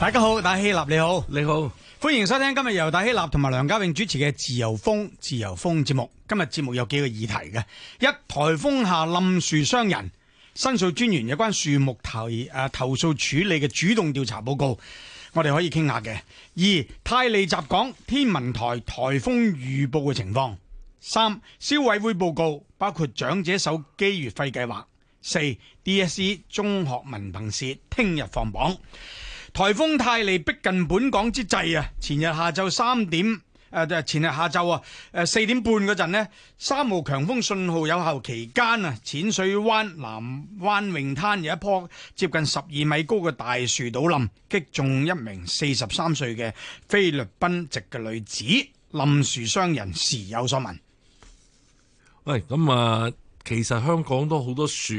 大家好，戴希立你好，你好，歡迎收聽今日由戴希立同埋梁家榮主持嘅《自由風》《自由風》節目。今日節目有幾個議題嘅：一、颱風下冧樹傷人，申訴專員有關樹木投誒、啊、投訴處理嘅主動調查報告，我哋可以傾下嘅；二、泰利襲港天文台颱風預報嘅情況；三、消委會報告包括長者手機月費計劃；四、DSE 中學文憑試聽日放榜。颱風泰利逼近本港之際啊，前日下晝三點誒、呃，前日下晝啊，誒四點半嗰陣呢，三號強風信號有效期間啊，淺水灣南灣泳灘有一棵接近十二米高嘅大樹倒冧，擊中一名四十三歲嘅菲律賓籍嘅女子，冧樹傷人時有所聞。喂，咁啊，其實香港都好多樹。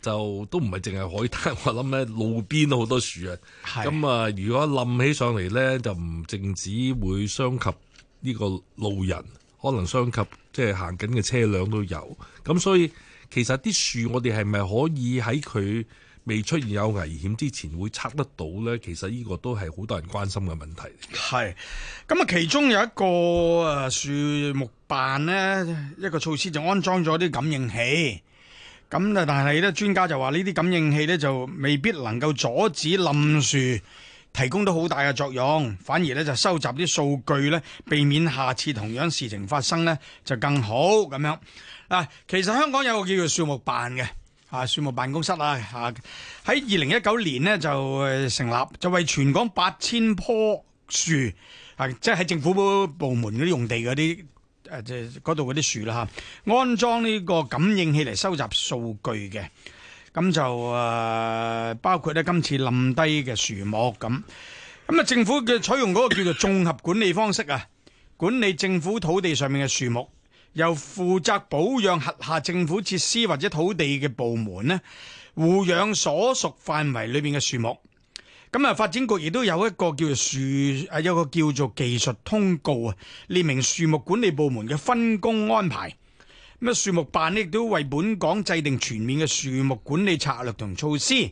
就都唔係淨係海灘，我諗咧路邊都好多樹啊。咁啊，如果冧起上嚟呢，就唔淨止會傷及呢個路人，可能傷及即係行緊嘅車輛都有。咁所以其實啲樹我哋係咪可以喺佢未出現有危險之前會測得到呢？其實呢個都係好多人關心嘅問題。係。咁啊，其中有一個啊樹木辦呢，一個措施就安裝咗啲感應器。咁啊！但係咧，專家就話呢啲感應器咧，就未必能夠阻止冧樹，提供到好大嘅作用，反而咧就收集啲數據咧，避免下次同樣事情發生咧，就更好咁樣。嗱，其實香港有個叫做樹木辦嘅，啊樹木辦公室啊，喺二零一九年咧就成立，就為全港八千棵樹，啊即係喺政府部門嗰啲用地嗰啲。誒、啊，即係嗰度嗰啲樹啦吓，安裝呢個感應器嚟收集數據嘅，咁就誒、啊、包括咧今次冧低嘅樹木咁，咁啊政府嘅採用嗰個叫做綜合管理方式啊，管理政府土地上面嘅樹木，由負責保養轄下政府設施或者土地嘅部門咧，護養所屬範圍裏邊嘅樹木。咁啊，發展局亦都有一個叫做樹，誒，有個叫做技術通告啊，列明樹木管理部門嘅分工安排。咁樹木辦咧亦都為本港制定全面嘅樹木管理策略同措施，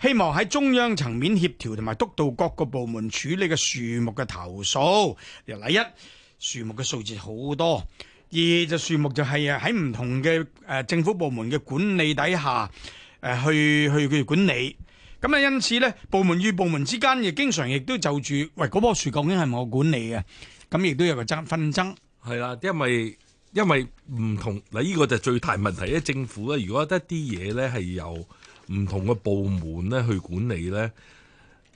希望喺中央層面協調同埋督導各個部門處理嘅樹木嘅投訴。又例一，樹木嘅數字好多；二就樹木就係啊喺唔同嘅誒政府部門嘅管理底下，誒去去嘅管理，咁咧，因此咧，部門與部門之間亦經常亦都就住，喂，嗰樖樹究竟係我管理嘅，咁亦都有個爭紛爭。係啦，因為因為唔同嗱，依、這個就最大問題咧。政府咧，如果得啲嘢咧係由唔同嘅部門咧去管理咧，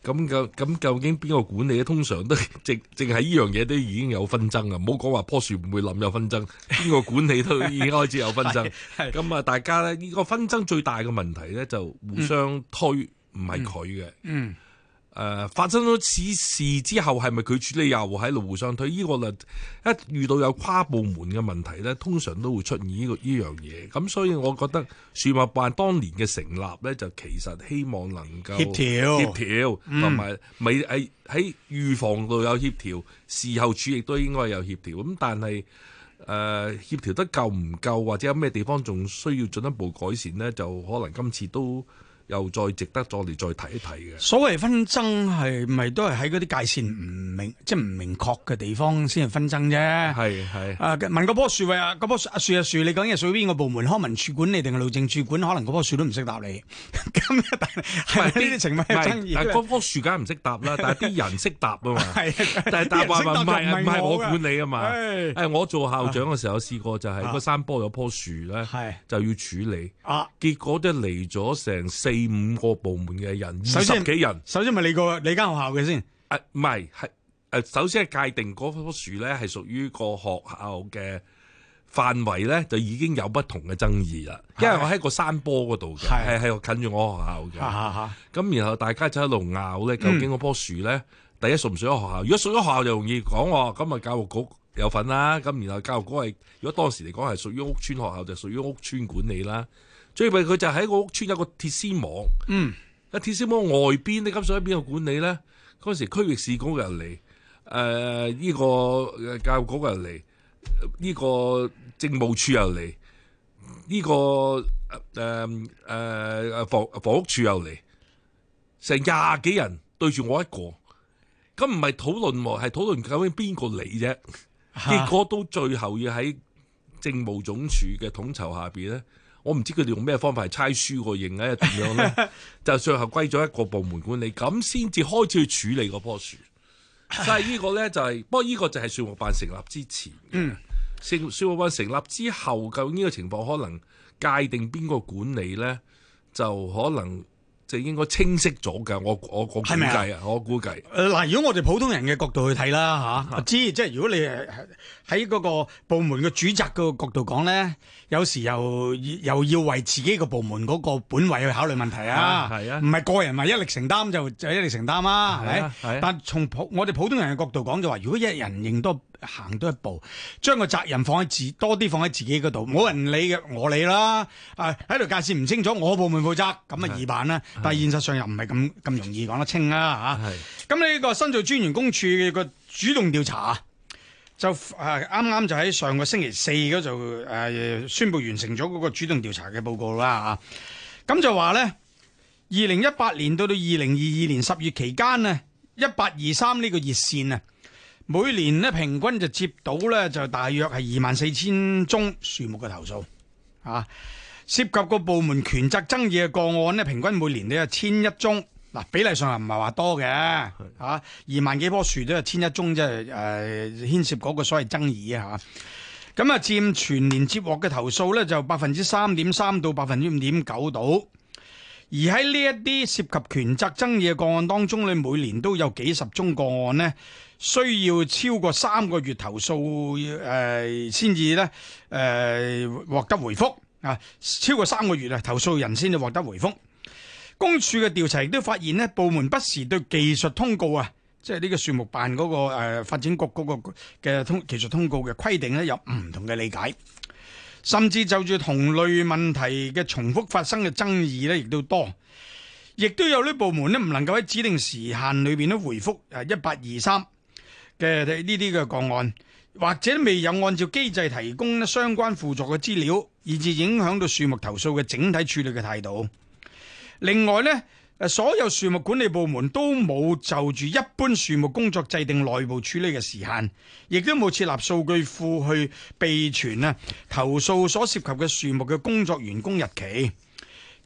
咁嘅咁究竟邊個管理咧？通常都淨淨係呢樣嘢都已經有紛爭嘅。唔好講話樖樹唔會冧有紛爭，邊個 管理都已經開始有紛爭。咁 啊，大家咧，依、這個紛爭最大嘅問題咧，就互相推。嗯唔係佢嘅，誒、嗯嗯呃、發生咗此事之後，係咪佢處理又喺路互相推？呢、這個咧，一遇到有跨部門嘅問題呢，通常都會出現呢、這個依樣嘢。咁、這個、所以，我覺得樹木辦當年嘅成立呢，就其實希望能夠協調協調，同埋未喺喺預防度有協調，事後處亦都應該有協調。咁但係誒、呃、協調得夠唔夠，或者有咩地方仲需要進一步改善呢？就可能今次都。又再值得再嚟再睇一睇嘅。所謂紛爭係咪都係喺嗰啲界線唔明，即係唔明確嘅地方先係紛爭啫。係係、啊。啊問嗰棵樹位啊，嗰棵樹樹啊樹，你講嘢屬於邊個部門？康文處管理定係路政處管？可能嗰棵樹都唔識答你。咁 但係啲情係爭議嗰棵樹梗係唔識答啦，但係啲人識答啊嘛。 係但係答係話唔係唔係我管理啊嘛、哎哎。我做校長嘅時候試試過、就係，就係個山坡有棵樹咧，就要處理。啊，結果都嚟咗成四。四、五個部門嘅人，二十幾人。首先，咪你個你間學校嘅先。誒，唔係，係誒，首先係、啊啊、界定嗰棵樹咧，係屬於個學校嘅範圍咧，就已經有不同嘅爭議啦。因為我喺個山坡嗰度嘅，係係近住我嘅學校嘅。咁然後大家就喺度拗咧，究竟嗰棵樹咧、嗯，第一屬唔屬於學校？如果屬咗學校就容易講，咁啊教育局有份啦。咁然後教育局係如果當時嚟講係屬於屋邨學校，就屬於屋邨管理啦。最弊佢就喺個屋村有個鐵絲網，啊、嗯、鐵絲網外邊啲金屬喺邊度管理咧？嗰陣時區域市局人嚟，誒、呃、依、這個教育局人嚟，呢、這個政務處又嚟，呢、這個誒誒、呃呃、房房屋處又嚟，成廿幾人對住我一個，咁唔係討論喎，係討論究竟邊個嚟啫？結果都最後要喺政務總署嘅統籌下面呢。咧。我唔知佢哋用咩方法係猜書個認啊？點樣咧？ 就最後歸咗一個部門管理，咁先至開始去處理嗰棵樹。所以呢個呢個咧就係、是， 不過呢個就係樹木辦成立之前。嗯。樹樹木辦成立之後，究竟呢個情況可能界定邊個管理咧，就可能就係應該清晰咗㗎。我我估計啊，我估計。誒、呃、嗱，如果我哋普通人嘅角度去睇啦嚇，啊、知即係如果你係喺嗰個部門嘅主責嘅角度講咧，有時又又要為自己個部門嗰個本位去考慮問題啊，係啊，唔係、啊、個人咪、就是、一力承擔就就一力承擔啦係咪？但從普我哋普通人嘅角度講就話，如果一人認多行多一步，將個責任放喺自多啲放喺自己嗰度，冇人理嘅我理啦，誒喺度介紹唔清楚，我部門負責，咁啊易辦啦。但係現實上又唔係咁咁容易講得清啦、啊、吓。咁呢、啊啊、個申訴專員公署嘅主動調查。就誒，啱、啊、啱就喺上個星期四嗰度誒、啊、宣布，完成咗嗰個主動調查嘅報告啦。咁、啊、就話呢，二零一八年到到二零二二年十月期間呢，一八二三呢個熱線啊，每年呢平均就接到呢就大約係二萬四千宗樹木嘅投訴啊，涉及個部門權責爭議嘅個案呢，平均每年都有千一宗。嗱，比例上又唔係話多嘅吓，二萬幾棵樹都係千一宗，即係誒牽涉嗰個所謂爭議啊吓。咁啊，佔全年接獲嘅投訴呢，就百分之三點三到百分之五點九度。而喺呢一啲涉及權責爭議嘅個案當中，你每年都有幾十宗個案呢，需要超過三個月投訴誒，先、呃、至呢誒獲、呃、得回覆啊，超過三個月啊，投訴人先至獲得回覆。公署嘅調查亦都發現呢，部門不時對技術通告啊，即係呢個樹木辦嗰個誒發展局嗰個嘅通技術通告嘅規定呢有唔同嘅理解，甚至就住同類問題嘅重複發生嘅爭議呢亦都多，亦都有啲部門呢唔能夠喺指定時限裏邊呢回覆誒一八二三嘅呢啲嘅個案，或者未有按照機制提供呢相關輔助嘅資料，以致影響到樹木投訴嘅整體處理嘅態度。另外咧，所有樹木管理部門都冇就住一般樹木工作制定內部處理嘅時限，亦都冇設立數據庫去備存啊投訴所涉及嘅樹木嘅工作員工日期。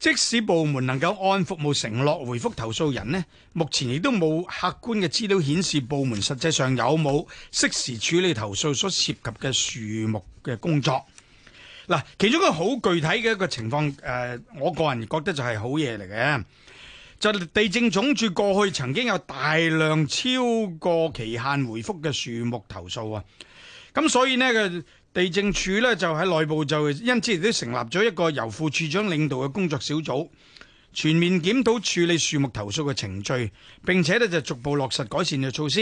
即使部門能夠按服務承諾回覆投訴人咧，目前亦都冇客觀嘅資料顯示部門實際上有冇適時處理投訴所涉及嘅樹木嘅工作。嗱，其中一個好具體嘅一個情況，誒，我個人覺得就係好嘢嚟嘅。就是、地政總署過去曾經有大量超過期限回覆嘅樹木投訴啊，咁所以呢，個地政署呢，就喺內部就因此亦都成立咗一個由副署長領導嘅工作小組，全面檢討處理樹木投訴嘅程序，並且呢，就逐步落實改善嘅措施。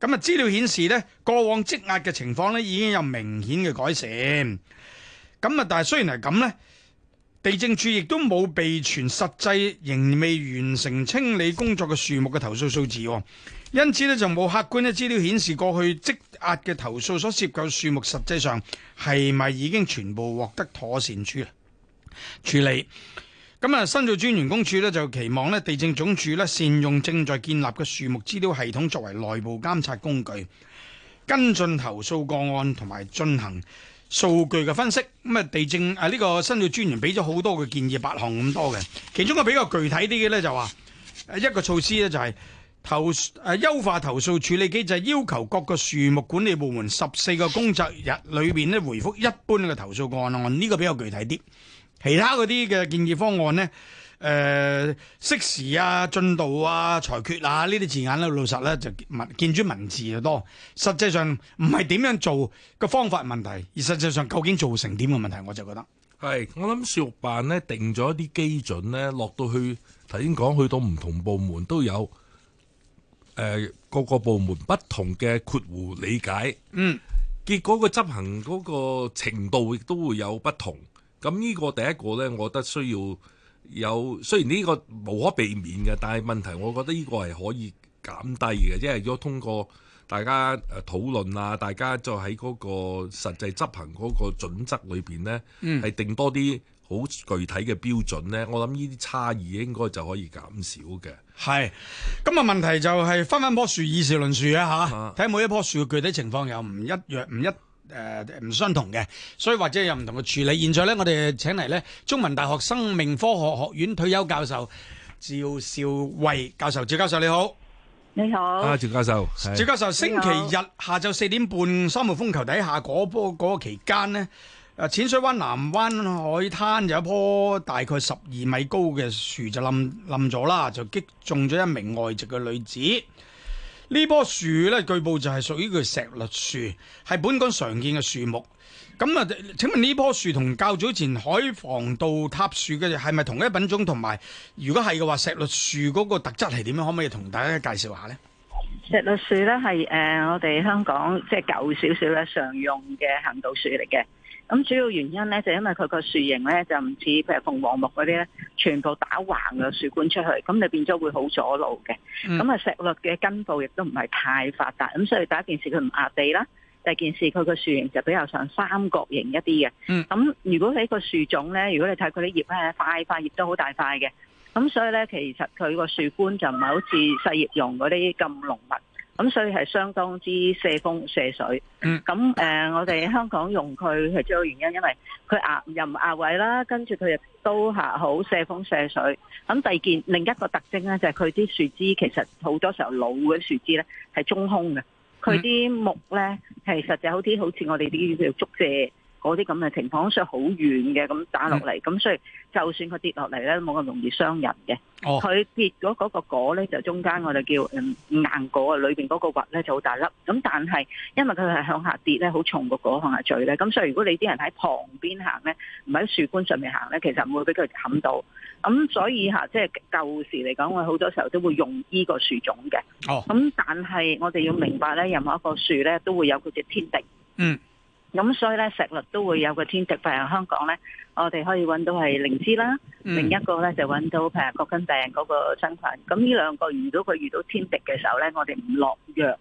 咁啊，資料顯示呢，過往積壓嘅情況呢，已經有明顯嘅改善。咁啊！但係雖然係咁咧，地政處亦都冇備存實際仍未完成清理工作嘅樹木嘅投訴數字，因此咧就冇客觀嘅資料顯示過去積壓嘅投訴所涉及樹木實際上係咪已經全部獲得妥善處處理咁啊，申訴專員公署咧就期望咧地政總署咧善用正在建立嘅樹木資料系統作為內部監察工具，跟進投訴個案同埋進行，數據嘅分析，咁啊地政啊呢、這個申訴專員俾咗好多嘅建議，八項咁多嘅，其中一個比較具體啲嘅呢，就話、是，一個措施呢，就係投誒優化投訴處理機制，要求各個樹木管理部門十四個工作日裏邊呢，回覆一般嘅投訴個案啊，呢、這個比較具體啲，其他嗰啲嘅建議方案呢。誒、呃，適時啊，進度啊，裁決啊，呢啲字眼咧，老實咧就文見諸文字就多。實際上唔係點樣做個方法問題，而實際上究竟做成點嘅問題，我就覺得係。我諗樹辦咧定咗一啲基準咧，落到去頭先講，去到唔同部門都有誒、呃，各個部門不同嘅括弧理解，嗯，結果個執行嗰個程度亦都會有不同。咁呢個第一個咧，我覺得需要。有，雖然呢個無可避免嘅，但係問題我覺得呢個係可以減低嘅，即係如果通過大家誒討論啊，大家就喺嗰個實際執行嗰個準則裏邊咧，係、嗯、定多啲好具體嘅標準呢。我諗呢啲差異應該就可以減少嘅。係，咁、那、啊、個、問題就係分分棵樹以事論樹啊嚇，睇、啊、每一棵樹嘅具體情況又唔一樣，唔一。唔一誒、呃，唔相同嘅，所以或者有唔同嘅處理。現在呢，我哋請嚟呢中文大學生命科學學院退休教授趙紹惠教授，趙教授你好，你好，啊，趙教授，趙教授，星期日下晝四點半三號風球底下嗰波嗰期間呢啊，淺水灣南灣海灘有一棵大概十二米高嘅樹就冧冧咗啦，就擊中咗一名外籍嘅女子。這棵樹呢棵樹咧，據報就係屬於佢石栗樹，係本港常見嘅樹木。咁啊，請問呢棵樹同較早前海防道塌樹嘅係咪同一品種？同埋，如果係嘅話，石栗樹嗰個特質係點樣？可唔可以同大家介紹下呢？石栗樹咧係誒，我哋香港即係舊少少咧常用嘅行道樹嚟嘅。咁主要原因咧就因為佢個樹形咧就唔似譬如鳳凰木嗰啲咧，全部打橫嘅樹冠出去，咁你變咗會好阻路嘅。咁啊，石栗嘅根部亦都唔係太發達，咁所以第一件事佢唔壓地啦，第二件事佢個樹形就比較上三角形一啲嘅。咁如果你個樹種咧，如果你睇佢啲葉咧，塊塊葉都好大塊嘅，咁所以咧其實佢個樹冠就唔係好似細葉榕嗰啲咁濃密。咁所以係相當之卸風卸水。嗯。咁誒，我哋香港用佢係最有原因，因為佢壓又唔壓位啦，跟住佢又都吓好卸風卸水。咁第二件另一個特徵咧，就係佢啲樹枝其實好多時候老嘅樹枝咧係中空嘅，佢啲木咧其實就好啲，好似我哋啲叫做竹蔗。嗰啲咁嘅情況，所以好遠嘅咁打落嚟，咁、嗯、所以就算佢跌落嚟咧，冇咁容易傷人嘅。佢跌咗嗰個果咧，就中間我哋叫、嗯、硬果啊，裏面嗰個核咧就好大粒。咁但係因為佢係向下跌咧，好重個果向下墜咧，咁所以如果你啲人喺旁邊行咧，唔喺樹冠上面行咧，其實唔會俾佢冚到。咁所以嚇、啊，即係舊時嚟講，我好多時候都會用呢個樹種嘅。咁、哦、但係我哋要明白咧，任何一個樹咧都會有佢嘅天敵。嗯。咁所以咧石律都會有個天敵，發現香港咧，我哋可以揾到係靈芝啦，另一個咧就揾到譬如褐根病嗰個菌群。咁呢兩個遇到佢遇到天敵嘅時候咧，我哋唔落藥，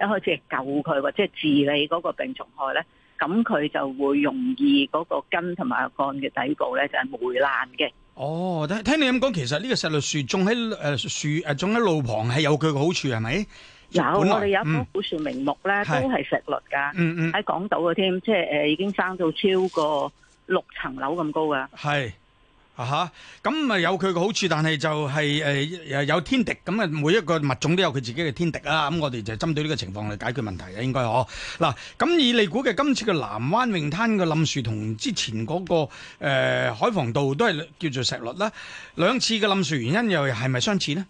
一開始係救佢或者係治理嗰個病蟲害咧，咁佢就會容易嗰個根同埋個幹嘅底部咧就係黴爛嘅。哦，聽聽你咁講，其實呢個石律樹種喺誒樹誒種喺路旁係有佢嘅好處係咪？嗯嗯嗯啊啊、有，我哋有一棵古樹名木咧，都係石栗噶，喺港島嘅添，即係誒已經生到超過六層樓咁高噶。係啊咁啊有佢嘅好處，但係就係、是、誒、呃、有天敵，咁啊每一個物種都有佢自己嘅天敵啊。咁我哋就針對呢個情況嚟解決問題該啊，應該嗬。嗱，咁以你估嘅今次嘅南灣泳灘嘅冧樹同之前嗰、那個誒、呃、海防道都係叫做石栗啦，兩次嘅冧樹原因又係咪相似呢？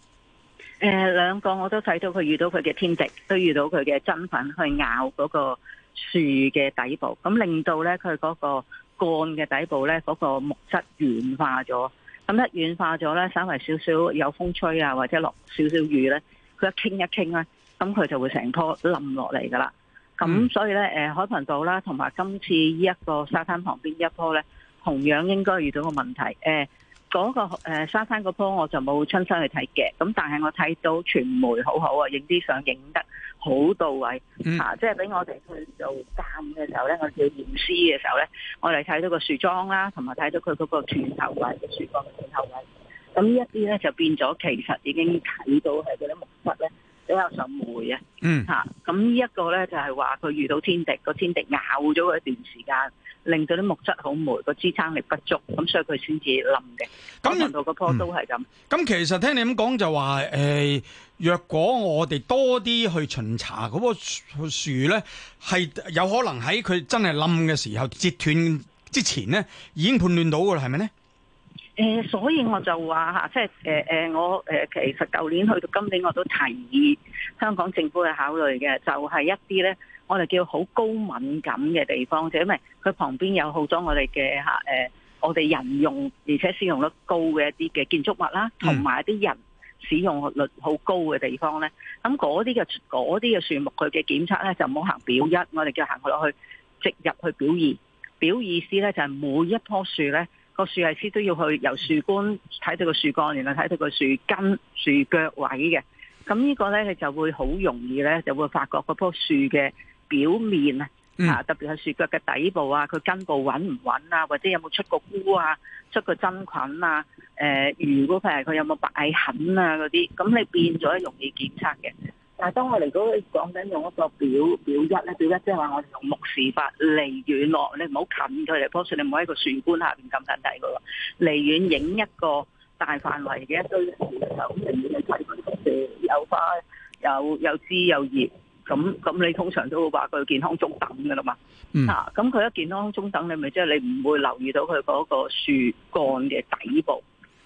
誒，兩個我都睇到佢遇到佢嘅天敵，都遇到佢嘅真菌去咬嗰個樹嘅底部，咁令到咧佢嗰個幹嘅底部咧，嗰個木質軟化咗。咁一軟化咗咧，稍微少少有風吹啊，或者落少少雨咧，佢一傾一傾咧，咁佢就會成棵冧落嚟噶啦。咁所以咧，誒、嗯，海豚島啦，同埋今次呢一個沙灘旁邊一棵咧，同樣應該遇到個問題，誒。嗰、那個、呃、沙灘嗰棵我就冇親身去睇嘅，咁但係我睇到傳媒好好啊，影啲相影得好到位、啊、即係俾我哋去做鑒嘅時候咧，我哋驗屍嘅時候咧，我哋睇到個樹樁啦、啊，同埋睇到佢嗰個斷頭位嘅樹幹嘅斷頭位，咁呢一啲咧就變咗其實已經睇到係嗰啲木質咧。比較受霉嘅，吓，咁呢一個咧就係話佢遇到天敵，個天敵咬咗佢一段時間，令到啲木質好霉，個支撐力不足，咁所以佢先至冧嘅。咁人道嗰棵都係咁。咁、嗯嗯嗯、其實聽你咁講就話，誒、呃，若果我哋多啲去巡查嗰棵樹咧，係有可能喺佢真係冧嘅時候，截斷之前咧，已經判斷到噶啦，係咪咧？誒，所以我就話吓，即係誒誒，我誒，其實舊年去到今年，我都提議香港政府去考慮嘅，就係、是、一啲咧，我哋叫好高敏感嘅地方，就因為佢旁邊有好多我哋嘅吓，誒，我哋人用而且使用率高嘅一啲嘅建築物啦，同埋一啲人使用率好高嘅地方咧，咁嗰啲嘅嗰啲嘅樹木，佢嘅檢測咧就唔好行表一，我哋叫行落去直入去表二，表意思咧就係每一棵樹咧。個樹藝師都要去由樹冠睇到個樹幹，然後睇到個樹根、樹腳位嘅。咁呢個呢，佢就會好容易呢，就會發覺嗰棵樹嘅表面啊，啊，特別係樹腳嘅底部啊，佢根部穩唔穩啊，或者有冇出個菇啊，出個真菌啊，誒、呃，如果譬如佢有冇白蟻痕啊嗰啲，咁你變咗容易檢測嘅。但係，當我哋如果講緊用一個表表一咧，表一即係話我哋用目視法離遠落，你唔好近佢嚟，多數你唔好喺個樹冠下邊咁睇睇噶喎。離遠影一個大範圍嘅一堆樹，咁明顯你睇到樹有花、有有枝有葉，咁咁你通常都會話佢健康中等噶啦嘛。吓，咁佢一健康中等，你咪即係你唔會留意到佢嗰個樹幹嘅底部。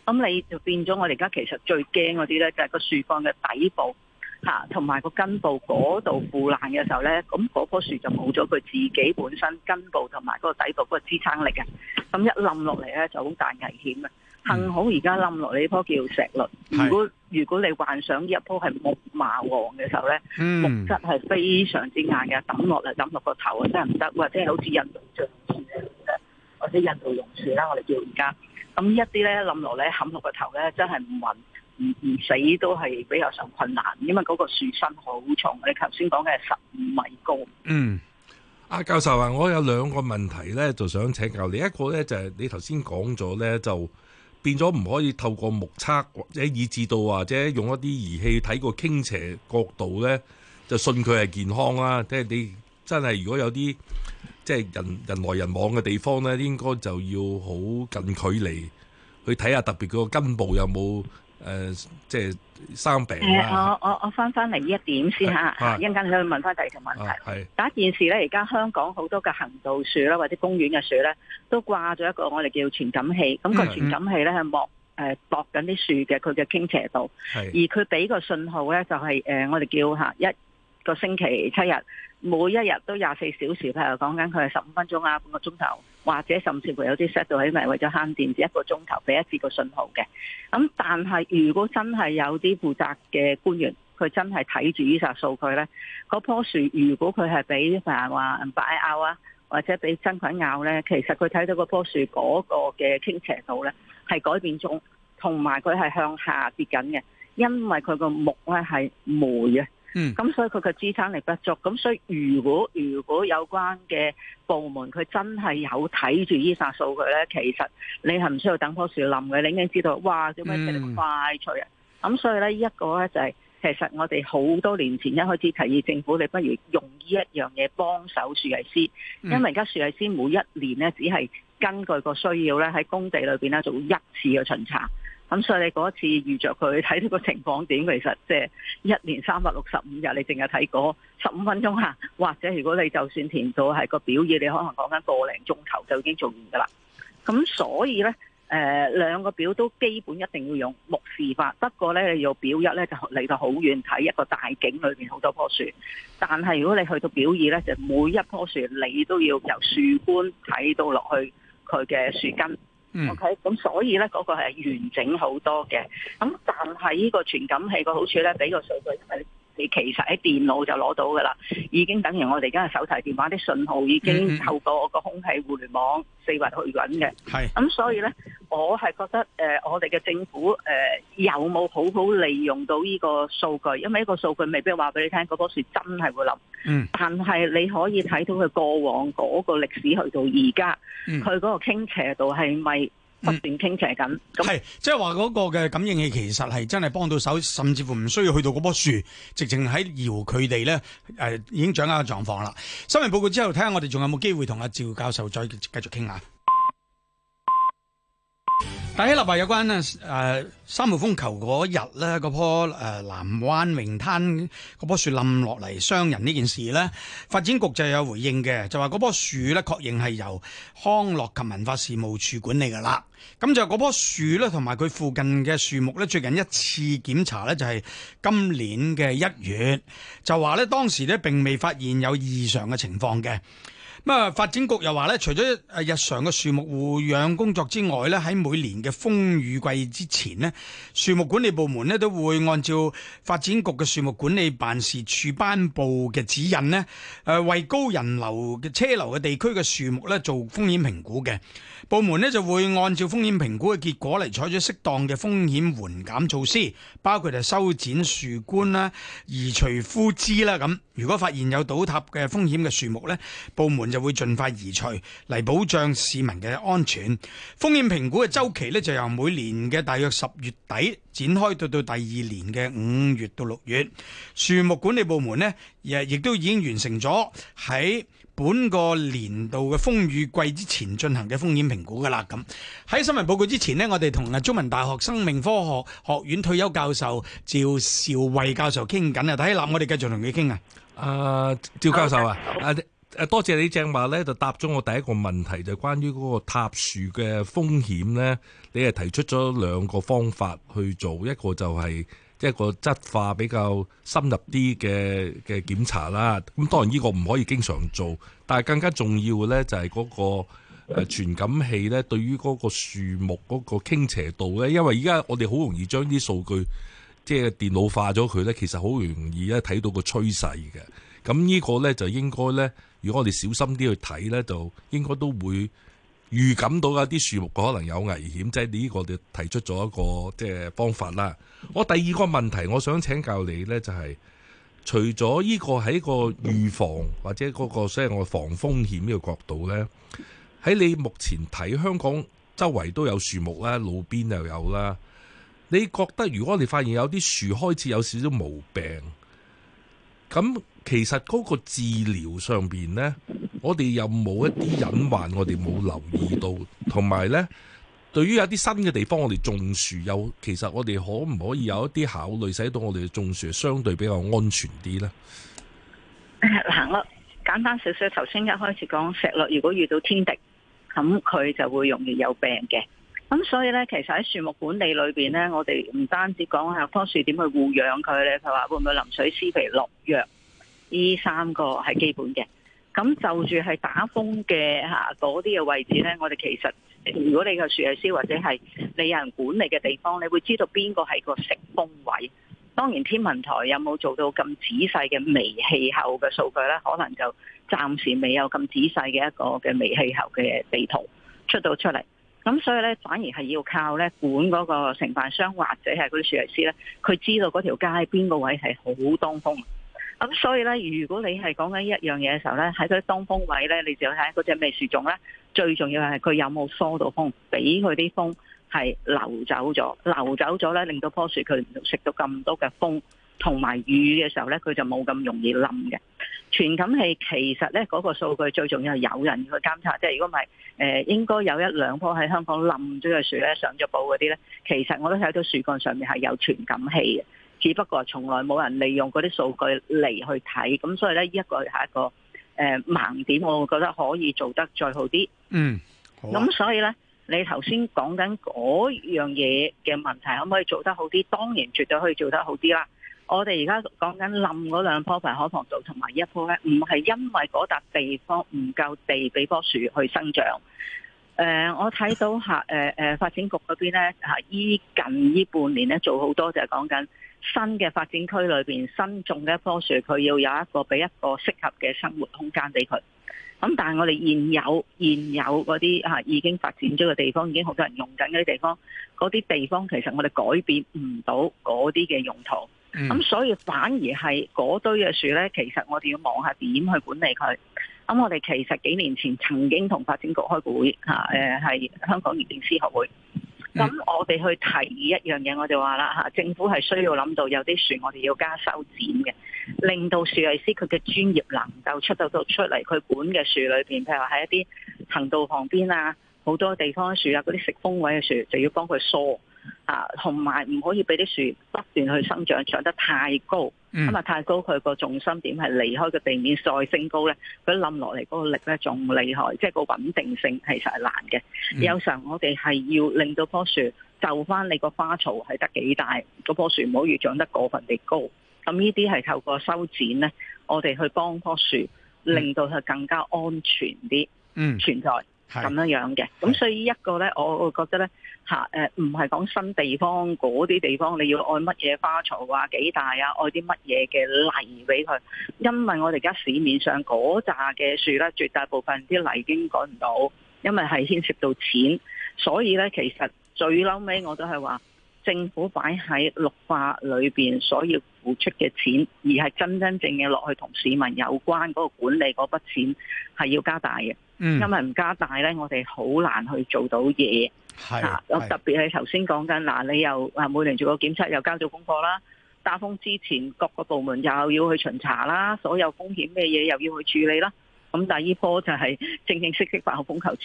咁你就變咗我哋而家其實最驚嗰啲咧，就係個樹幹嘅底部。吓、啊，同埋個根部嗰度腐爛嘅時候咧，咁嗰棵樹就冇咗佢自己本身根部同埋嗰個底部嗰個支撐力嘅。咁一冧落嚟咧，就好大危險嘅、嗯、幸好而家冧落嚟呢棵叫石栗。如果如果你幻想呢一棵係木麻黃嘅時候咧，嗯、木質係非常之硬嘅，抌落嚟抌落個頭啊，真係唔得。或者好似印度橡樹咧，或者印度榕樹啦，我哋叫而家。咁一啲咧，冧落咧，冚落個頭咧，真係唔穩。唔死都係比較受困難，因為嗰個樹身好重。你頭先講嘅十五米高。嗯，阿教授啊，我有兩個問題呢，就想請教你一個呢，就係、是、你頭先講咗呢，就變咗唔可以透過目測或者以至到或者用一啲儀器睇個傾斜角度呢，就信佢係健康啦、啊。即、就、係、是、你真係如果有啲即係人人來人往嘅地方呢，應該就要好近距離去睇下，特別佢個根部有冇？誒、呃，即係生病啦。呃、我我我翻翻嚟呢一點先嚇，一陣間你去問翻第二個問題。第一件事咧，而家香港好多嘅行道樹啦，或者公園嘅樹咧，都掛咗一個我哋叫傳感器。咁、那個傳感器咧係摸誒度緊啲樹嘅佢嘅傾斜度，而佢俾個信號咧就係、是、誒、呃、我哋叫嚇一個星期七日，每一日都廿四小時，譬如講緊佢係十五分鐘啊半個鐘頭。或者甚至乎有啲 set 度喺咪為咗慳電，一個鐘頭俾一次個信號嘅。咁但係如果真係有啲負責嘅官員，佢真係睇住呢啲數據呢，嗰棵樹如果佢係俾譬如話白蟻咬啊，或者俾真菌咬呢，其實佢睇到嗰棵樹嗰個嘅傾斜度呢，係改變中，同埋佢係向下跌緊嘅，因為佢個木咧係霉啊。嗯，咁所以佢嘅支撐力不足，咁所以如果如果有關嘅部門佢真係有睇住呢晒數據咧，其實你係唔需要等棵樹冧嘅，你已經知道，哇，點解佢哋快脆啊？咁、嗯、所以咧，一個咧就係、是，其實我哋好多年前一開始提議政府，你不如用呢一樣嘢幫手樹藝師，因為而家樹藝師每一年咧只係根據個需要咧喺工地裏邊咧做一次嘅巡查。咁所以你嗰次遇着佢睇呢個情況點，其實即係一年三百六十五日，你淨係睇嗰十五分鐘吓，或者如果你就算填到係個表二，你可能講緊個零鐘頭就已經做完噶啦。咁所以咧，誒兩個表都基本一定要用目視法，不過咧，你用表一咧就嚟到好遠睇一個大景裏面好多棵樹，但係如果你去到表二咧，就每一棵樹你都要由樹冠睇到落去佢嘅樹根。O.K.，咁所以咧嗰、嗰個係完整好多嘅。咁但係呢個傳感器個好處咧，俾個數據係，因為你其實喺電腦就攞到㗎喇，已經等於我哋而家手提電話啲信號已經透過我個空氣互聯網四圍去揾嘅，係、咁、嗯、所以咧。我係覺得，誒、呃，我哋嘅政府，誒、呃，有冇好好利用到呢個數據？因為呢個數據未必話俾你聽，嗰棵樹真係會冧。嗯。但係你可以睇到佢過往嗰個歷史去到而家，佢、嗯、嗰個傾斜度係咪不斷傾斜緊？咁、嗯、係，即係話嗰個嘅感應器其實係真係幫到手，甚至乎唔需要去到嗰棵樹，直情喺搖佢哋咧，誒、呃，已經掌握嘅狀況啦。新聞報告之後，睇下我哋仲有冇機會同阿趙教授再繼續傾下。但起嚟啊，有關咧、呃、三號風球嗰日咧，嗰棵誒、呃、南灣泳灘嗰棵樹冧落嚟傷人呢件事咧，發展局就有回應嘅，就話嗰棵樹咧確認係由康樂及文化事務處管理噶啦。咁就嗰棵樹咧同埋佢附近嘅樹木咧，最近一次檢查咧就係今年嘅一月，就話咧當時咧並未發現有異常嘅情況嘅。咁啊，發展局又話咧，除咗誒日常嘅樹木護養工作之外咧，喺每年嘅風雨季之前咧，樹木管理部門咧都會按照發展局嘅樹木管理辦事處頒布嘅指引咧，誒為高人流嘅車流嘅地區嘅樹木咧做風險評估嘅部門咧就會按照風險評估嘅結果嚟採取適當嘅風險緩減措施，包括就修剪樹冠啦、移除枯枝啦咁。如果發現有倒塌嘅風險嘅樹木咧，部門就會會盡快移除嚟保障市民嘅安全。風險評估嘅週期呢，就由每年嘅大約十月底展開，到到第二年嘅五月到六月。樹木管理部門呢，亦都已經完成咗喺本個年度嘅風雨季之前進行嘅風險評估噶啦。咁喺新聞報告之前呢，我哋同啊中文大學生命科學學院退休教授趙紹惠教授傾緊，呃、啊，睇下我哋繼續同佢傾啊。誒，趙教授啊。誒多謝你正話咧，就答咗我第一個問題，就關於嗰個塌樹嘅風險咧，你係提出咗兩個方法去做，一個就係即係個質化比較深入啲嘅嘅檢查啦。咁當然呢個唔可以經常做，但係更加重要嘅咧就係嗰個誒傳感器咧，對於嗰個樹木嗰個傾斜度咧，因為而家我哋好容易將啲數據即係電腦化咗佢咧，其實好容易咧睇到個趨勢嘅。咁呢個呢，就應該呢。如果我哋小心啲去睇呢，就應該都會預感到一啲樹木可能有危險。即係呢個，我提出咗一個即係方法啦。我第二個問題，我想請教你呢，就係、是、除咗呢個喺一個預防或者嗰、那個即係我防風險嘅角度呢，喺你目前睇香港周圍都有樹木啦，路邊又有啦，你覺得如果你發現有啲樹開始有少少毛病，咁？其實嗰個治療上邊呢，我哋有冇一啲隱患？我哋冇留意到，同埋呢，對於有啲新嘅地方，我哋種樹有，其實我哋可唔可以有一啲考慮，使到我哋種樹相對比較安全啲呢？嗱，簡單少少，頭先一開始講石落，如果遇到天敵，咁佢就會容易有病嘅。咁所以呢，其實喺樹木管理裏邊呢，我哋唔單止講下棵樹點去護養佢呢，佢話會唔會淋水、施肥、落藥？呢三個係基本嘅，咁就住係打風嘅嚇嗰啲嘅位置呢，我哋其實，如果你個樹藝師或者係你有人管理嘅地方，你會知道邊個係個食風位。當然天文台有冇做到咁仔細嘅微氣候嘅數據呢，可能就暫時未有咁仔細嘅一個嘅微氣候嘅地圖出到出嚟。咁所以呢，反而係要靠呢管嗰個承辦商或者係嗰啲樹藝師呢，佢知道嗰條街邊個位係好當風。咁、嗯、所以咧，如果你係講緊一樣嘢嘅時候咧，喺佢當風位咧，你就睇嗰隻咩樹種咧。最重要係佢有冇疏到風，俾佢啲風係流走咗，流走咗咧，令到樖樹佢食到咁多嘅風同埋雨嘅時候咧，佢就冇咁容易冧嘅。傳感器其實咧，嗰、那個數據最重要係有人去監察。即係如果唔係，誒、呃、應該有一兩棵喺香港冧咗嘅樹咧，上咗報嗰啲咧，其實我都睇到樹幹上面係有傳感器嘅。只不過係從來冇人利用嗰啲數據嚟去睇，咁所以呢，一個係一個誒盲點，我覺得可以做得再好啲。嗯、咁、啊、所以呢，你頭先講緊嗰樣嘢嘅問題，可唔可以做得好啲？當然絕對可以做得好啲啦。我哋而家講緊冧嗰兩棵皮可防草同埋一棵呢，唔係因為嗰笪地方唔夠地俾棵樹去生長。誒、呃，我睇到嚇誒誒發展局嗰邊咧依近呢半年咧做好多就係講緊。新嘅發展區裏邊新種嘅一棵樹，佢要有一個俾一個適合嘅生活空間俾佢。咁但係我哋現有現有嗰啲嚇已經發展咗嘅地方，已經好多人用緊嗰啲地方，嗰啲地方其實我哋改變唔到嗰啲嘅用途。咁、嗯、所以反而係嗰堆嘅樹呢，其實我哋要望下點去管理佢。咁、嗯、我哋其實幾年前曾經同發展局開會嚇，誒、呃、係香港園境師學會。咁我哋去提議一樣嘢，我就話啦吓，政府係需要諗到有啲樹，我哋要加修剪嘅，令到樹藝師佢嘅專業能夠出到到出嚟，佢管嘅樹裏邊，譬如話喺一啲行道旁邊啊，好多地方樹啊，嗰啲食風位嘅樹，就要幫佢疏。啊，同埋唔可以俾啲樹不斷去生長，長得太高，咁、嗯、啊太高，佢個重心點係離開個地面，再升高咧，佢冧落嚟嗰個力咧仲厲害，即係個穩定性其實係難嘅、嗯。有時候我哋係要令到樖樹就翻你個花槽係得幾大，嗰棵樹唔好越長得過分地高。咁呢啲係透過修剪咧，我哋去幫棵樹，令到佢更加安全啲存在。嗯咁樣樣嘅，咁所以呢一個呢，我我覺得呢，吓、啊、誒，唔係講新地方嗰啲地方，你要愛乜嘢花槽啊，幾大啊，愛啲乜嘢嘅泥畀佢，因為我哋而家市面上嗰扎嘅樹呢，絕大部分啲泥已經改唔到，因為係牽涉到錢，所以呢，其實最嬲尾我都係話，政府擺喺綠化裏邊所要付出嘅錢，而係真真正正落去同市民有關嗰、嗰個管理嗰筆錢，係要加大嘅。嗯、因為唔加大咧，我哋好難去做到嘢。係啊，特別係頭先講緊嗱，你又啊每年做個檢測，又交咗功課啦。打風之前，各個部門又要去巡查啦，所有風險咩嘢又要去處理啦。咁但係呢棵就係正正式式發號風球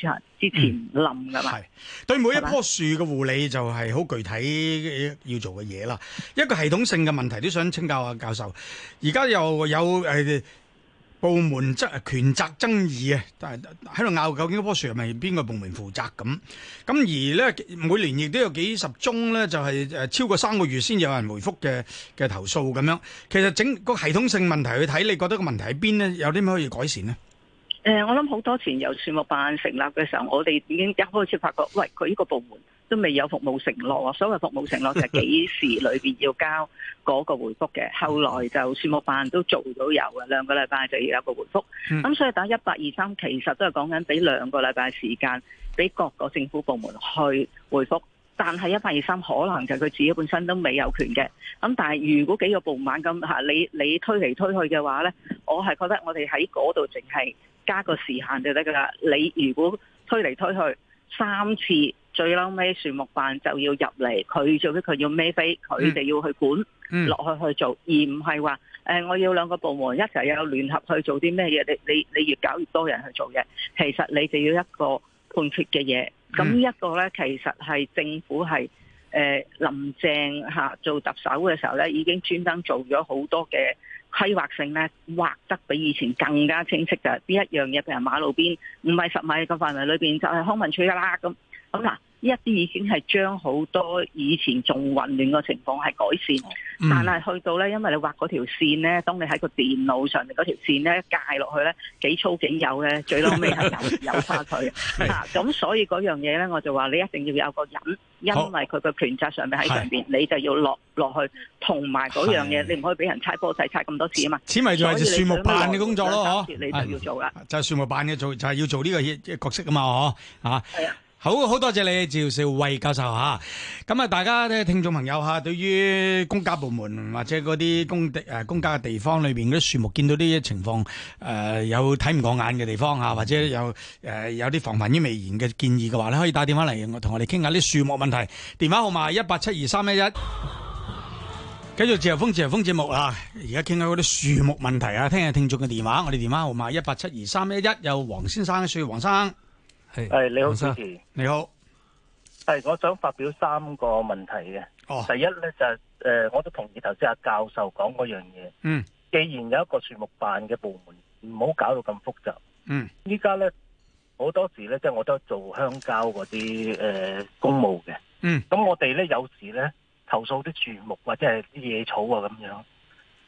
之前冧㗎啦。係對每一棵樹嘅護理就係好具體要做嘅嘢啦。 一個系統性嘅問題都想請教下教授。而家又有、呃部門權責爭議啊，但係喺度拗究竟棵樹係咪邊個部門負責咁？咁而咧每年亦都有幾十宗咧，就係、是、誒超過三個月先有人回復嘅嘅投訴咁樣。其實整個系統性問題去睇，你覺得個問題喺邊呢？有啲咩可以改善呢？誒、呃，我諗好多前由樹木辦成立嘅時候，我哋已經一開始發覺，喂，佢呢個部門。都未有服務承諾，所謂服務承諾就係幾時裏邊要交嗰個回覆嘅。 後來就樹木辦都做到有嘅兩個禮拜就要有一個回覆。咁、 嗯、所以等一八二三其實都係講緊俾兩個禮拜時間俾各個政府部門去回覆。但係一八二三可能就佢自己本身都未有權嘅。咁、嗯、但係如果幾個部門咁嚇你你推嚟推去嘅話呢，我係覺得我哋喺嗰度淨係加個時限就得噶啦。你如果推嚟推去三次。最嬲尾樹木辦就要入嚟，佢做啲佢要孭飛，佢哋要去管落、嗯、去去做，而唔係話我要兩個部門一齊有聯合去做啲咩嘢。你你你越搞越多人去做嘢，其實你就要一個判決嘅嘢。咁呢一個呢，其實係政府係、呃、林鄭嚇做特首嘅時候呢，已經專登做咗好多嘅規劃性呢劃得比以前更加清晰就係、是、呢一樣嘢，譬如馬路邊五米、十米個範圍裏面，就係、是、康文處噶啦咁。咁嗱，呢一啲已經係將好多以前仲混亂嘅情況係改善，但係去到咧，因為你畫嗰條線咧，當你喺個電腦上面嗰條線咧界落去咧，幾粗幾幼嘅，最孻尾係有有差距嚇。咁所以嗰樣嘢咧，我就話你一定要有個忍，因為佢個權責上面喺上邊，你就要落落去，同埋嗰樣嘢你唔可以俾人猜波仔猜咁多次啊嘛。咪就係樹木辦嘅工作咯，嗬？你就要做啦，就樹木辦嘅做，就係要做呢個角色啊嘛，嗬？嚇。好好多謝你，趙紹惠教授吓。咁啊，大家咧，聽眾朋友吓，對於公家部門或者嗰啲公誒，公家嘅地方裏邊嗰啲樹木，見到啲情況誒、呃，有睇唔過眼嘅地方吓、啊，或者有誒、呃、有啲防範於未然嘅建議嘅話咧，可以打電話嚟，我同我哋傾下啲樹木問題。電話號碼一八七二三一一。繼續自由風自由風節目啊！而家傾下嗰啲樹木問題啊，聽下聽眾嘅電話。我哋電話號碼一八七二三一一。1872311，有黃先生，需黃生。係，你好，主持，你好。係，我想發表三個問題嘅。哦，第一咧就係誒，我都同意頭先阿教授講嗰樣嘢。嗯，既然有一個樹木辦嘅部門，唔好搞到咁複雜。嗯，依家咧好多時咧，即係我都做鄉郊嗰啲，誒公務嘅。嗯，咁我哋咧有時咧投訴啲樹木或者係啲野草啊咁樣，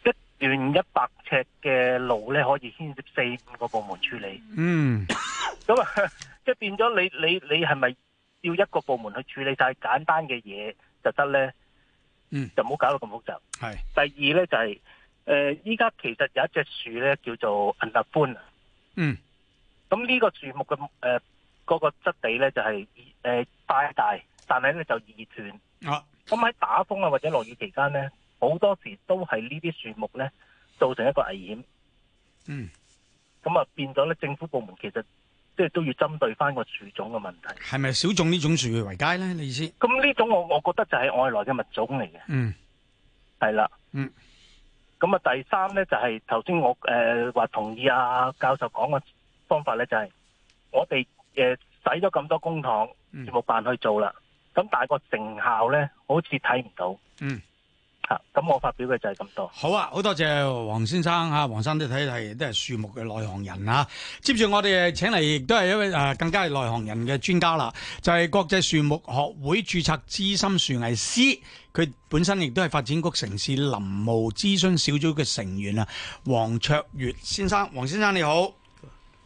一段一百尺嘅路咧可以牽涉四五個部門處理。嗯，咁啊。即係變咗你你你係咪要一個部門去處理晒簡單嘅嘢，就得咧？嗯，就唔好搞到咁複雜。係。第二咧就係、是、誒，依、呃、家其實有一隻樹咧叫做銀合歡啊。嗯。咁、呃那個、呢個樹木嘅誒嗰個質地咧就係、是、誒、呃、大大，但係咧就易斷。咁、啊、喺打風啊或者落雨期間咧，好多時都係呢啲樹木咧造成一個危險。嗯。咁啊變咗咧，政府部門其實。即係都要針對翻個樹種嘅問題，係咪少種呢種樹去為佳咧？你意思？咁呢種我我覺得就係外來嘅物種嚟嘅。嗯，係啦。嗯。咁啊，第三咧就係頭先我誒話、呃、同意阿教授講嘅方法咧，就係我哋誒使咗咁多公帑樹木辦去做啦。咁、嗯、但係個成效咧，好似睇唔到。嗯。咁我發表嘅就係咁多。好啊，好多謝王先生啊，王生都睇係都係樹木嘅內行人啊。接住我哋請嚟，亦都係一位誒更加係內行人嘅專家啦，就係、是、國際樹木學會註冊資深樹藝師，佢本身亦都係發展局城市林務諮詢小組嘅成員啊。王卓粵先生，王先生你好，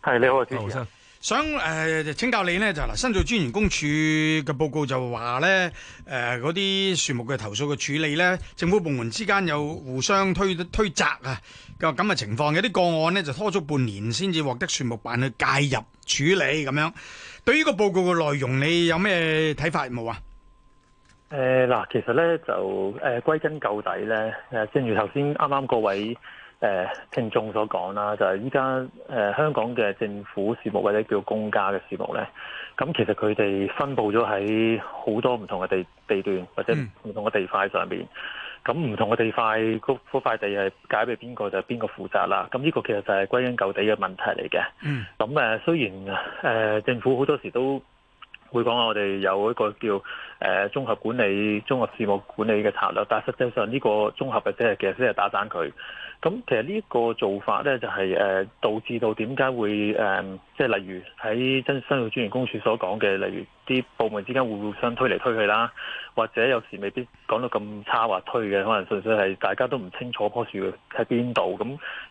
係你好，主持人想誒請教你呢，就嗱申訴專員公署嘅報告就話呢，誒嗰啲樹木嘅投訴嘅處理呢，政府部門之間有互相推推責啊，咁嘅情況，有啲個案呢，就拖足半年先至獲得樹木辦去介入處理咁樣。對呢個報告嘅內容，你有咩睇法冇啊？誒、呃、嗱，其實呢，就誒、呃、歸根究底呢，呃、正如頭先啱啱各位。誒聽眾所講啦，就係依家誒香港嘅政府事務或者叫公家嘅事務咧，咁其實佢哋分佈咗喺好多唔同嘅地地段或者唔同嘅地塊上面。咁唔同嘅地塊嗰塊地係解畀邊個就係邊個負責啦。咁呢個其實就係歸根究底嘅問題嚟嘅。嗯，咁誒雖然誒、呃、政府好多時都會講我哋有一個叫誒綜合管理、綜合事務管理嘅策略，但係實際上呢個綜合嘅即係其實即係打散佢。咁其實呢個做法呢，就係誒導致到點解會誒，即係、嗯、就係、例如喺申訴專員公署所講嘅，例如啲部門之間互相推嚟推去啦，或者有時未必講到咁差或推嘅，可能純粹係大家都唔清楚棵樹喺邊度，咁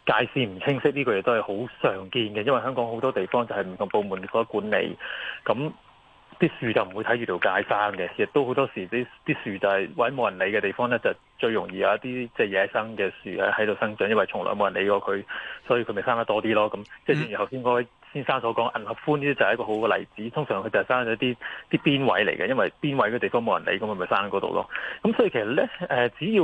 界線唔清晰呢個嘢都係好常見嘅，因為香港好多地方就係唔同部門嗰管理咁。啲樹就唔會睇住條界生嘅，亦都好多時啲啲樹就係或者冇人理嘅地方咧，就最容易有一啲即係野生嘅樹喺喺度生長，因為從來冇人理過佢，所以佢咪生得多啲咯。咁即係正如頭先嗰位先生所講，銀合歡呢啲就係一個好嘅例子。通常佢就係生咗啲啲邊位嚟嘅，因為邊位嘅地方冇人理，咁啊咪生喺嗰度咯。咁所以其實咧、呃，只要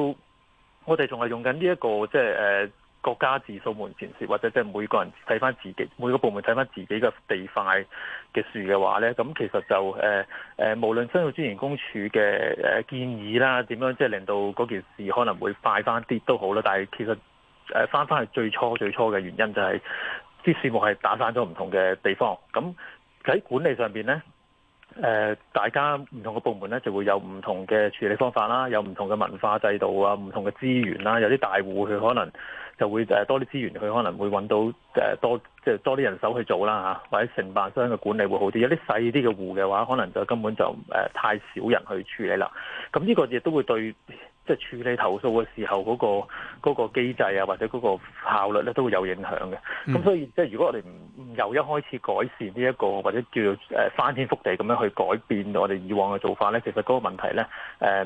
我哋仲係用緊呢一個即係、呃國家自掃門前雪，或者即係每個人睇翻自己每個部門睇翻自己嘅地塊嘅樹嘅話呢，咁其實就誒誒、呃呃，無論申訴專員公署嘅、呃、建議啦，點樣即係、就是、令到嗰件事可能會快翻啲都好啦。但係其實誒翻翻係最初最初嘅原因就係、是、啲樹木係打散咗唔同嘅地方咁喺管理上邊呢，誒、呃，大家唔同嘅部門呢，就會有唔同嘅處理方法啦，有唔同嘅文化制度啊，唔同嘅資源啦、啊，有啲大戶佢可能。就會誒多啲資源，佢可能會揾到誒多即係多啲人手去做啦嚇，或者承辦商嘅管理會好啲。有啲細啲嘅戶嘅話，可能就根本就誒太少人去處理啦。咁呢個亦都會對即係處理投訴嘅時候嗰個嗰個機制啊，或者嗰個效率咧都會有影響嘅。咁、嗯、所以即係如果我哋唔由一開始改善呢一個或者叫做誒翻天覆地咁樣去改變我哋以往嘅做法咧，其實嗰個問題咧誒、呃、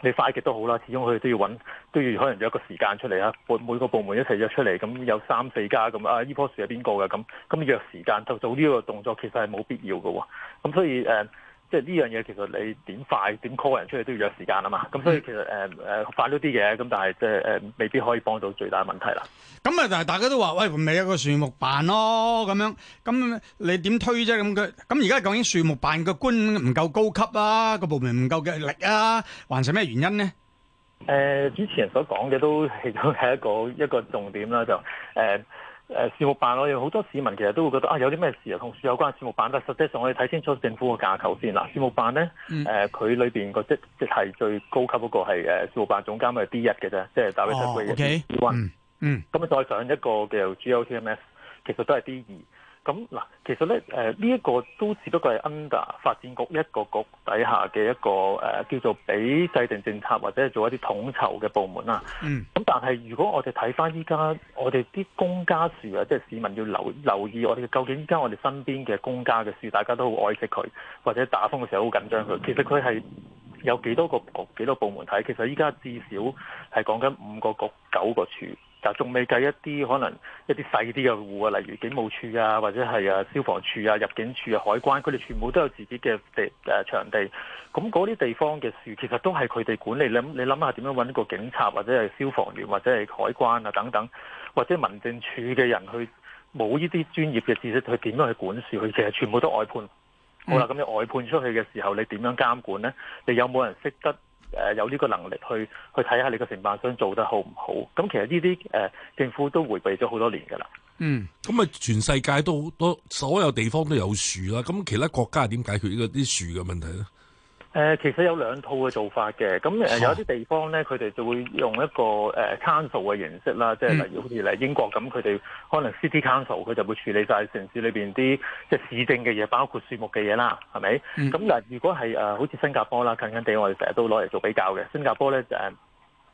你快極都好啦，始終佢都要揾。都要可能約一個時間出嚟啊！每每個部門一齊約出嚟，咁有三四家咁啊！呢樖樹係邊個㗎？咁咁約時間就做呢個動作其、呃就是，其實係冇必要嘅喎。咁所以誒，即係呢樣嘢其實你點快點 call 人出嚟都要約時間啊嘛。咁所以其實誒誒快咗啲嘅，咁但係即係誒未必可以幫到最大問題啦。咁、嗯、啊，但係大家都話喂，咪一個樹木辦咯咁樣。咁你點推啫？咁佢咁而家究竟樹木辦個官唔夠高級啊，個部門唔夠嘅力啊，還是咩原因咧？誒主持人所講嘅都係都係一個一個重點啦，就誒誒、呃呃、事務辦，我哋好多市民其實都會覺得啊，有啲咩事啊同樹有關事務辦，但實際上我哋睇清楚政府個架構先啦。事務辦咧，誒佢裏邊個即職係最高級嗰個係誒、呃、事務辦總監咪 D 一嘅啫，即係打俾七位嘅 D one 嗯，咁、嗯、啊再上一個叫 G O T M S，其實都係 D 二。咁嗱，其實咧，誒呢一個都只不過係 under 發展局一個局底下嘅一個誒、呃，叫做俾制定政策或者係做一啲統籌嘅部門啦。嗯。咁但係如果我哋睇翻依家我哋啲公家樹啊，即係市民要留留意我們，我哋究竟依家我哋身邊嘅公家嘅樹，大家都好愛惜佢，或者打風嘅時候好緊張佢。其實佢係有幾多個局、幾多個部門睇？其實依家至少係講緊五個局、九個處。就仲未計一啲可能一啲細啲嘅戶啊，例如警務處啊，或者係啊消防處啊、入境處啊、海關，佢哋全部都有自己嘅地場地。咁嗰啲地方嘅樹，其實都係佢哋管理。你諗你諗下點樣揾個警察或者係消防員或者係海關啊等等，或者民政處嘅人去冇呢啲專業嘅知識去點樣去管樹？佢其實全部都外判。嗯、好啦，咁你外判出去嘅時候，你點樣監管呢？你有冇人識得？誒、呃、有呢個能力去去睇下你個承辦商做得好唔好？咁其實呢啲誒政府都迴避咗好多年㗎啦。嗯，咁啊全世界都好多，所有地方都有樹啦。咁其他國家點解決呢個啲樹嘅問題咧？誒、呃、其實有兩套嘅做法嘅，咁誒、呃哦、有啲地方咧，佢哋就會用一個誒、呃、Council 嘅形式啦，即係例如好似咧英國咁，佢哋可能 City Council 佢就會處理晒城市裏邊啲即係市政嘅嘢，包括樹木嘅嘢啦，係咪？咁、嗯、嗱，如果係誒、呃、好似新加坡啦，近近地我哋成日都攞嚟做比較嘅，新加坡咧就係。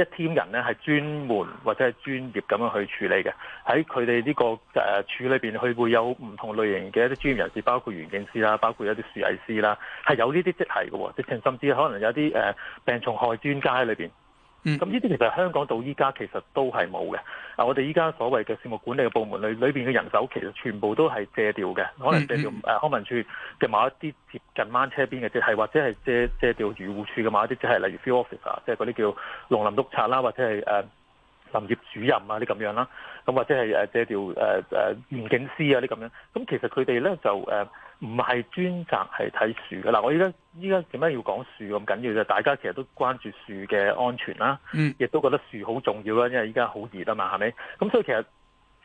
一 team 人咧係專門或者係專業咁樣去處理嘅，喺佢哋呢個誒處裏邊，佢會有唔同類型嘅一啲專業人士，包括園景師啦，包括一啲樹藝師啦，係有呢啲職系嘅，直情甚至可能有啲誒病蟲害專家喺裏邊。咁呢啲其實香港到依家其實都係冇嘅。啊，我哋依家所謂嘅樹木管理嘅部門裏裏邊嘅人手其實全部都係借調嘅，可能借調康文署嘅某一啲接近馬車邊嘅，即係或者係借借調漁護署嘅某一啲，即係例如 field officer，即係嗰啲叫農林督察啦，或者係林業主任啊啲咁樣啦。咁或者係借調誒、呃呃、園景師啊啲咁樣。咁其實佢哋呢就、呃唔係專責係睇樹㗎喇。我依家依家點解要講樹咁緊要咧？大家其實都關注樹嘅安全啦，嗯，亦都覺得樹好重要啦，因為依家好熱啊嘛，係咪？咁所以其實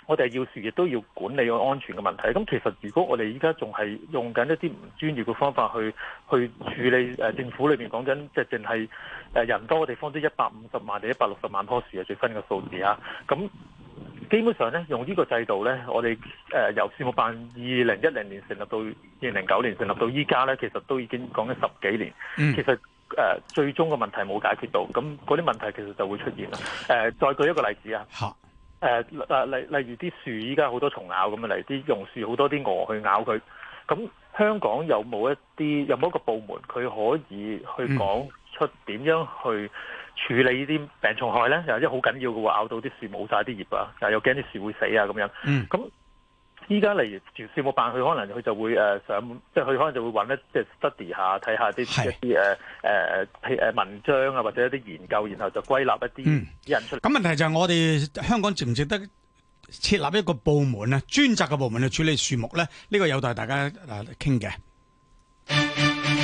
我哋要樹亦都要管理個安全嘅問題。咁其實如果我哋依家仲係用緊一啲唔專業嘅方法去去處理，誒政府裏面講緊，即係淨係誒人多嘅地方，都一百五十萬定一百六十萬棵樹係最新嘅數字啊，咁。基本上咧，用呢個制度咧，我哋誒、呃、由樹木辦二零一零年成立到二零零九年成立到依家咧，其實都已經講緊十幾年。嗯、其實誒、呃、最終嘅問題冇解決到，咁嗰啲問題其實就會出現啦。誒、呃，再舉一個例子啊。嚇、呃！誒誒例例如啲樹依家好多蟲咬，咁啊，例如啲榕樹好多啲蛾去咬佢。咁香港有冇一啲有冇一個部門佢可以去講出點樣去？嗯處理呢啲病蟲害咧，又係一好緊要嘅喎，咬到啲樹冇晒啲葉啊，又驚啲樹會死啊，咁樣。咁依家嚟樹木辦，佢可能佢就會誒上、呃，即係佢可能就會揾一即 study 一下，睇下啲一啲誒、呃呃、文章啊，或者一啲研究，然後就歸納一啲嗯人出嚟。咁問題就係我哋香港值唔值得設立一個部門啊，專責嘅部門去處理樹木咧？呢、呢個有待大家嗱傾嘅。嗯